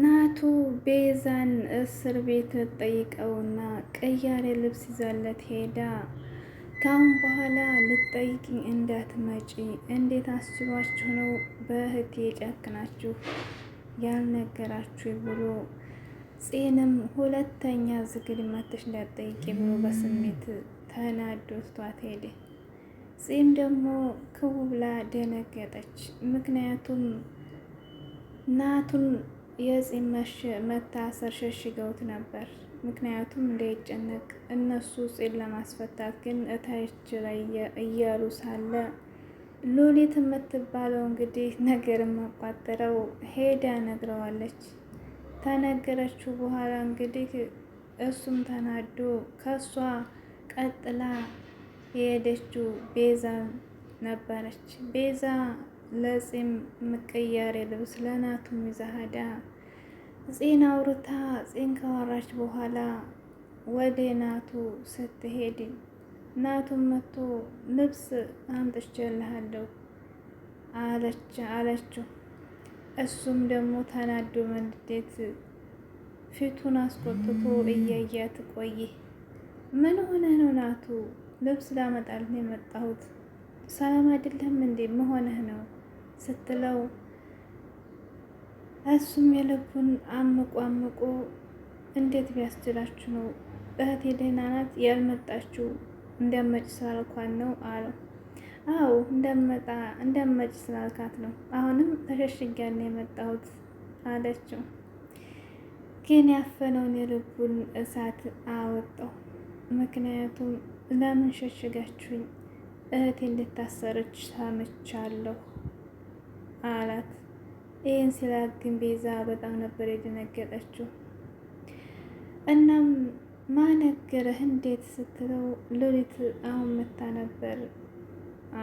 ናቱ ቤዛን እስር ቤት ጠይቀውና ቀያሬ ልብስ ይዛለት ሄዳ ካሁን በኋላ ልትጠይቅኝ እንዳትመጪ እንዴት አስባችሁ ነው በእህቴ የጨክናችሁ ያልነገራችሁ ብሎ ጽንም ሁለተኛ ዝግድ መተሽ እንዳትጠይቂ ብሎ በስሜት ተናዶ ስቷት ሄደ። ጽም ደግሞ ክው ብላ ደነገጠች። ምክንያቱም ናቱን የፂን መታሰር ሸሽገውት ነበር። ምክንያቱም እንዳይጨነቅ እነሱ ፂን ለማስፈታት ግን እታች ላይ እያሉ ሳለ ሎሊት የምትባለው እንግዲህ ነገር የማቋጠረው ሄዳ ነግረዋለች። ተነገረችው በኋላ እንግዲህ እሱም ተናዶ ከሷ ቀጥላ የሄደችው ቤዛ ነበረች። ቤዛ ለፂም ምቀያሬ ልብስ ለናቱም ይዛ ሄዳ ፂን አውርታ ፂን ካወራች በኋላ ወደ ናቱ ስትሄድ ናቱን መቶ ልብስ አምጥቼልሃለሁ አለችው። እሱም ደግሞ ተናዶ መንዴት ፊቱን አስቆጥቶ እያያት ቆየ። ምን ሆነ ነው ናቱ? ልብስ ላመጣልን የመጣሁት ሰላም አይደለም እንዴ? መሆንህ ነው ስትለው እሱም የልቡን አምቆ አምቆ እንዴት ቢያስችላችሁ ነው እህቴ ደህና ናት ያልመጣችሁ እንዳመጭ ስላልኳት ነው አለው። አዎ እንደመጣ እንደመጭ ስላልካት ነው አሁንም ተሸሽጊያን የመጣሁት አለችው። ግን ያፈነውን የልቡን እሳት አወጣው። ምክንያቱም ለምን ሸሽጋችሁኝ እህቴ እንድታሰረች ሰምቻለሁ አላት። ይህን ሲላት ግን ቤዛ በጣም ነበር የደነገጠችው። እናም ማነገረህ እንዴት ስትለው ሉሊት አሁን መታ ነበር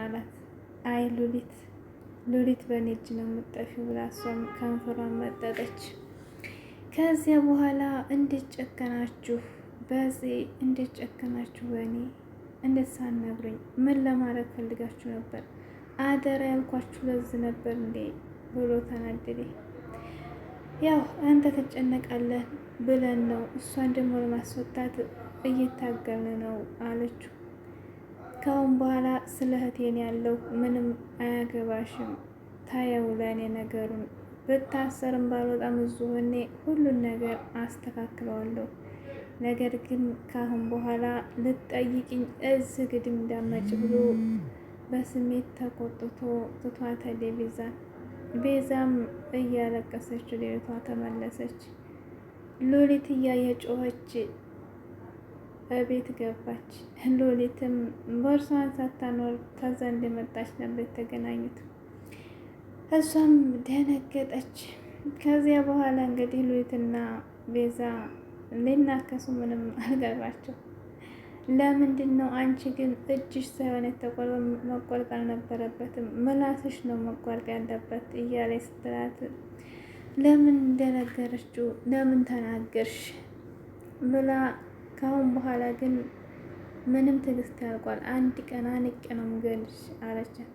አላት። አይ ሉሊት ሉሊት በእኔ እጅ ነው የምጠፊው ብላ እሷም ከንፈሯን መጠጠች። ከዚያ በኋላ እንዴት ጨከናችሁ በዚህ እንዴት ጨከናችሁ በእኔ እንዴት ሳናግሩኝ ምን ለማድረግ ፈልጋችሁ ነበር? አደራ ያልኳችሁ ለዚህ ነበር እንዴ ብሎ ተናደደ። ያው አንተ ትጨነቃለህ ብለን ነው፣ እሷን ደግሞ ለማስወጣት እየታገልን ነው አለችው። ካሁን በኋላ ስለ እህቴን ያለው ምንም አያገባሽም። ታየው ለእኔ ነገሩን ብታሰርም ባልወጣም እዚሁ ሆኔ ሁሉን ነገር አስተካክለዋለሁ። ነገር ግን ካሁን በኋላ ልትጠይቅኝ እዚህ ግድም እንዳመጭ ብሎ በስሜት ተቆጥቶ ትቷ ተደብዛ ቤዛም እያለቀሰች ሌቷ ተመለሰች። ሎሊት እያየጮኸች ቤት ገባች። ሎሊትም ቦርሷን ሳታኖር ከዛ እንደመጣች ነበር የተገናኙት። እሷም ደነገጠች። ከዚያ በኋላ እንግዲህ ሉሊትና ቤዛ ሊናከሱ ምንም አልገባቸው ለምንድን ነው አንቺ ግን እጅሽ ሳይሆን የተቆርበ መቆረጥ አልነበረበትም፣ ምላስሽ ነው መቆረጥ ያለበት እያለ ስትላት ለምን እንደነገረችው ለምን ተናገርሽ ብላ ካሁን በኋላ ግን ምንም ትዕግስት ያልቋል። አንድ ቀን አንቄ ነው ምገልሽ አለቻት።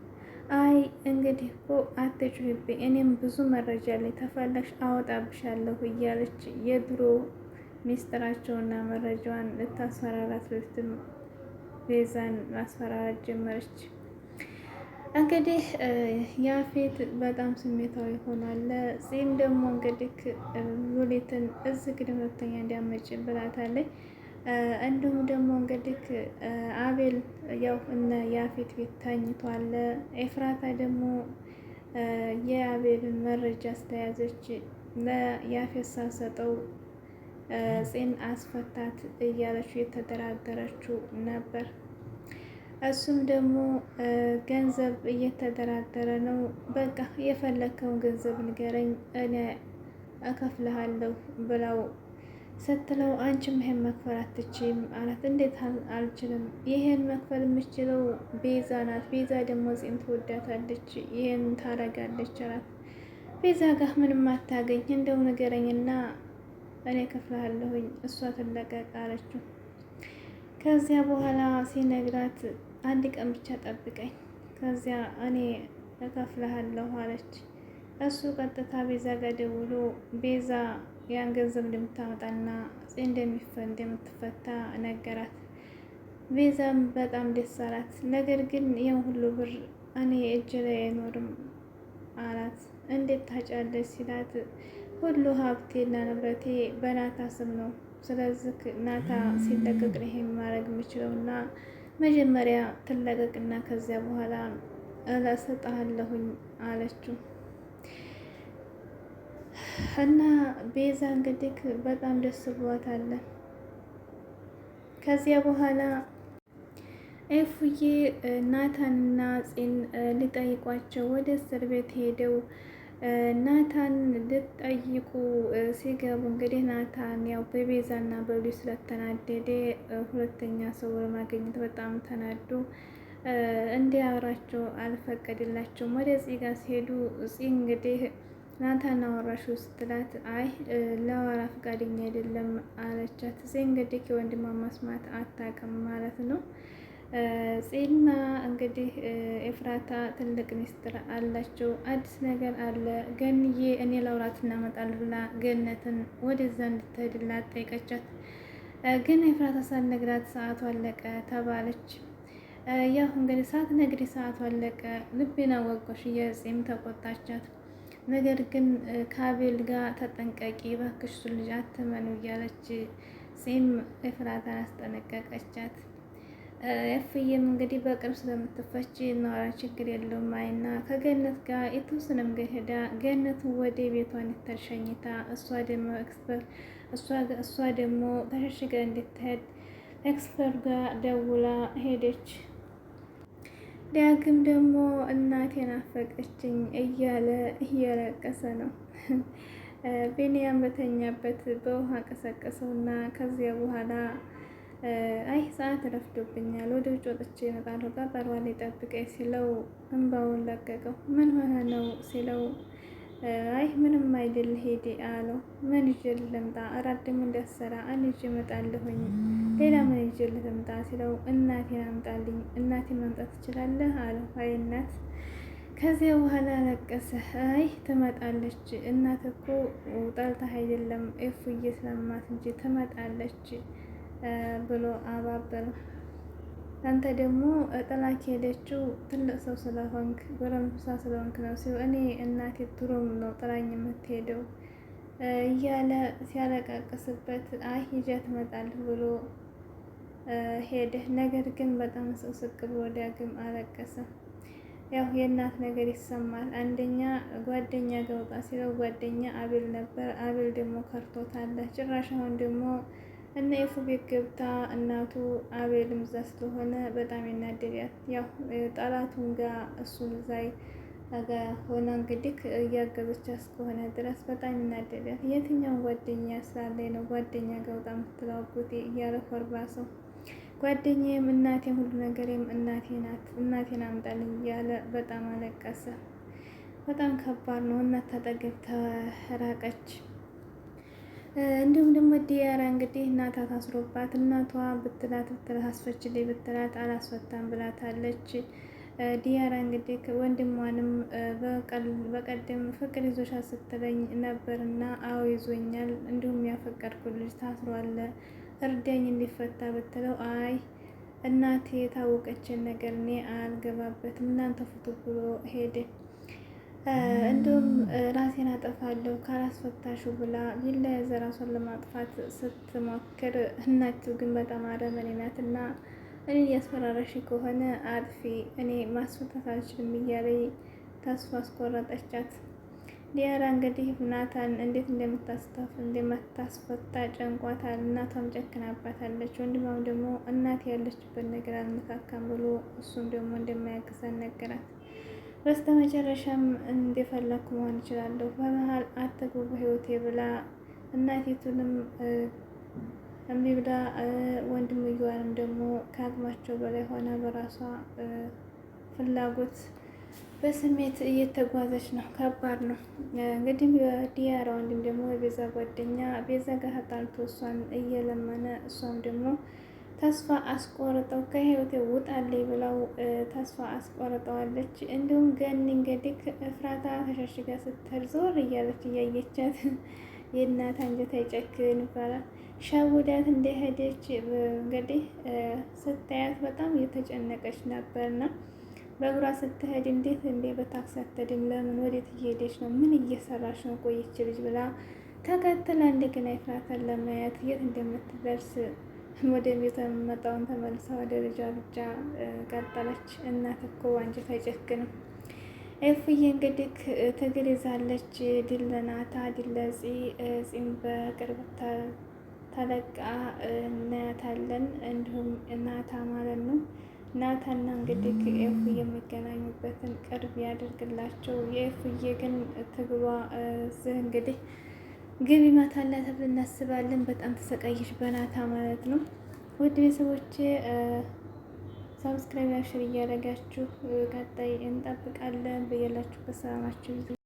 አይ እንግዲህ እኮ አትጩሂብኝ፣ እኔም ብዙ መረጃ ላይ ተፈለግሽ አወጣብሻለሁ እያለች የድሮ ሚስጥራቸውና መረጃዋን ልታስፈራራት በፊትም ቤዛን ማስፈራራት ጀመረች። እንግዲህ ያፌት በጣም ስሜታዊ ሆኗል። ጺም ደግሞ እንግዲህ ሉሊትን እዚህ ግድ መተኛ እንዲያመጭ ብላታለች። እንዲሁም ደግሞ እንግዲህ አቤል ያው እነ ያፌት ቤት ተኝቷል። ኤፍራታ ደግሞ የአቤልን መረጃ ስለያዘች ለያፌት ሳሰጠው ጽን አስፈታት እያለችው የተደራደረችው ነበር። እሱም ደግሞ ገንዘብ እየተደራደረ ነው። በቃ የፈለከውን ገንዘብ ንገረኝ እኔ እከፍልሃለሁ ብለው ስትለው አንቺ ይሄን መክፈል አላት። እንዴት አልችልም? ይሄን መክፈል የምችለው ቤዛ ናት። ቤዛ ደግሞ ጽን ትወዳታለች፣ ይሄን ታረጋለች አላት። ቤዛ ጋር ምንም አታገኝ እንደው ንገረኝና እኔ ከፍልሃለሁኝ እሷ ትለቀቅ አለችው። ከዚያ በኋላ ሲነግራት አንድ ቀን ብቻ ጠብቀኝ፣ ከዚያ እኔ እከፍልሃለሁ አለች። እሱ ቀጥታ ቤዛ ጋር ደውሎ ቤዛ ያን ገንዘብ እንደምታመጣና እንደምትፈታ ነገራት። ቤዛም በጣም ደስ አላት። ነገር ግን ይህም ሁሉ ብር እኔ እጅ ላይ አይኖርም አላት። እንዴት ታጫለች ሲላት ሁሉ ሀብቴና ንብረቴ በናታ ስም ነው። ስለዚህ ናታ ሲለቀቅ ነው ይሄን ማድረግ የምችለው እና መጀመሪያ ትለቀቅና ከዚያ በኋላ እሰጥሃለሁኝ አለችው እና ቤዛ እንግዲህ በጣም ደስ ብሏታል። ከዚያ በኋላ ኤፉዬ ናታንና ፂን ሊጠይቋቸው ወደ እስር ቤት ሄደው ናታን ልትጠይቁ ሲገቡ እንግዲህ ናታን ያው በቤዛ እና በሉ ስለተናደደ ሁለተኛ ሰው ለማገኘት በጣም ተናዱ እንዲያወራቸው አልፈቀድላቸውም። ወደ ፂ ጋ ሲሄዱ ጽ እንግዲህ ናታን አወራሹ ስትላት አይ ለወራ ፈቃደኛ አይደለም አለቻት። ፂ እንግዲህ የወንድማ መስማት አታውቅም ማለት ነው። ጽና እንግዲህ ኤፍራታ ትልቅ ሚስጥር አላቸው። አዲስ ነገር አለ። ገንዬ እኔ ለውራት እናመጣል ብላ ገነትን ወደዛ እንድትሄድላት ጠይቀቻት። ግን ኤፍራታ ሳትነግራት ሰዓቱ አለቀ ተባለች። ያው እንግዲህ ሳትነግሪ ሰዓቱ አለቀ ልቤን አወቆሽ የጽም ተቆጣቻት። ነገር ግን ካቤል ጋር ተጠንቀቂ እባክሽ፣ ልጅ አትመኑ እያለች ጽም ኤፍራታን አስጠነቀቀቻት። ያፍየም እንግዲህ በቅርብ ስለምትፈች ኖራ ችግር የለውም አይና ከገነት ጋር የተወሰነ መንገድ ሄዳ ገነት ወደ ቤቷን ተሸኝታ እሷ ደግሞ ኤክስፐርት እሷ ደግሞ ተሸሽገ እንድትሄድ ኤክስፐር ጋር ደውላ ሄደች። ዳግም ደግሞ እናቴን አፈቀችኝ እያለ እየለቀሰ ነው። ቢንያም በተኛበት በውሃ ቀሰቀሰውና ከዚያ በኋላ አይ ሰዓት ረፍዶብኛል፣ ወደ ውጭ ወጥቼ እመጣለሁ ቀጠሮዋ ሊጠብቀኝ ሲለው እንባውን ለቀቀው። ምን ሆነ ነው ሲለው አይ ምንም አይደል ሄዴ አለው። ምን ይዤ ልምጣ? እራት ደግሞ አንጅ እመጣለሁኝ። ሌላ ምን ይዤ ልምጣ ሲለው እናቴን አምጣልኝ። እናቴን ማምጣት ትችላለህ አለው። አይ እናት ከዚያ በኋላ ለቀሰ። አይ ትመጣለች እናት እኮ ጠልታ አይደለም እፉዬ ስለማት እንጂ ትመጣለች ብሎ አባበል። አንተ ደግሞ ጥላክ ሄደችው ትልቅ ሰው ስለሆንክ ጎረምሳ ስለሆንክ ነው ሲሆ እኔ እናቴ ድሮም ነው ጥላኝ የምትሄደው እያለ ሲያለቃቅስበት አይ ይዣት ትመጣል ብሎ ሄደ። ነገር ግን በጣም ስቅስቅ ብሎ ዳግም አለቀሰ። ያው የእናት ነገር ይሰማል። አንደኛ ጓደኛ ገውጣ ሲለው ጓደኛ አቤል ነበር። አቤል ደግሞ ከርቶታል ጭራሽ አሁን ደግሞ እና የፉ ቤት ገብታ እናቱ አቤልም እዛ ስለሆነ በጣም ይናደዳል። ያው ጠላቱን ጋ እሱን ዛይ ሆና እንግዲህ እያገዘች እስከሆነ ድረስ በጣም ይናደዳል። የትኛውን ጓደኛ ስላለኝ ነው ጓደኛ ጋር በጣም የምትለዋጉት እያለ ኮርባ ሰው ጓደኛዬም እናቴም ሁሉ ነገሬም እናቴ ናት፣ እናቴን አምጣልኝ እያለ በጣም አለቀሰ። በጣም ከባድ ነው። እናት ታጠገብ ተራቀች። እንዲሁም ደግሞ ዲያራ እንግዲህ እናቷ ታስሮባት እናቷ ብትላት ብትላት አስፈችልኝ ብትላት አላስፈታም ብላታለች። ዲያራ እንግዲህ ወንድሟንም በቀደም ፍቅር ይዞሻ ስትለኝ ነበርና አዎ ይዞኛል፣ እንዲሁም ያፈቀድኩ ልጅ ታስሯል እርዳኝ እንዲፈታ ብትለው አይ እናቴ የታወቀችን ነገር እኔ አልገባበትም እናንተ ፍቱ ብሎ ሄደ። እንዲሁም ራሴን አጠፋለሁ ካላስፈታሹ ብላ ቢላ የዘ ራሷን ለማጥፋት ስትሞክር እናችሁ ግን በጣም አረመኔ ናት እና እኔ እያስፈራረሽ ከሆነ አጥፊ እኔ ማስፈታት አልችልም እያለኝ ተስፋ አስቆረጠቻት። ዲያራ እንግዲህ ናታን እንዴት እንደምታስታፍ እንደምታስፈታ ጨንቋታል። እናቷም ጨክናባታለች። ወንድማም ደግሞ እናት ያለችበት ነገር አልመካከም ብሎ እሱም ደግሞ እንደማያግዛን ነገራት። በስተ መጨረሻም እንደፈለግኩ መሆን እችላለሁ፣ በመሀል አትግቡ ህይወቴ ብላ እናቴቱንም እምቢ ብላ ወንድምየዋንም ደግሞ ከአቅማቸው በላይ ሆና በራሷ ፍላጎት በስሜት እየተጓዘች ነው። ከባድ ነው እንግዲህ። በዲያራ ወንድም ደግሞ የቤዛ ጓደኛ ቤዛ ጋር ተጣልቶ እሷን እየለመነ እሷም ደግሞ ተስፋ አስቆርጠው ከህይወቴ ውጣልኝ ብለው ተስፋ አስቆርጠዋለች። እንዲሁም ገኒ እንግዲህ እፍራታ ተሸሽጋ ስትል ዞር እያለች እያየቻት የእናት አንጀት አይጨክን ይባላል። ሸውዳት እንደሄደች እንግዲህ ስታያት በጣም እየተጨነቀች ነበርና በእግሯ ስትሄድ እንዴት እንዴ በታክሲ አትሄድም? ለምን ወዴት እየሄደች ነው? ምን እየሰራች ነው? ቆየች ልጅ ብላ ተከትላ እንደገና ይፍራታን ለማየት የት እንደምትደርስ ወደ ቤቷ የምመጣውን ተመልሳ ወደ ልጇ ብቻ ቀጠለች። እናት እኮ አንቺ አይጨክንም። ኤፍዬ እንግዲህ ትግል ይዛለች። ድል ለናታ ድል ለጺ ጺም በቅርብ ተለቃ እናያታለን። እንዲሁም ናታ ማለት ነው ናታና እንግዲህ ኤፍዬ የሚገናኙበትን ቅርብ ያደርግላቸው። የኤፍዬ ግን ትግሏ እዚህ እንግዲህ ግብ ይመታላ ተብሎ እናስባለን። በጣም ተሰቃየሽ በናታ ማለት ነው። ውድ ቤተሰቦቼ ሰብስክራይብ፣ ሼር እያደረጋችሁ ቀጣይ እንጠብቃለን። በያላችሁበት ሰላማችሁ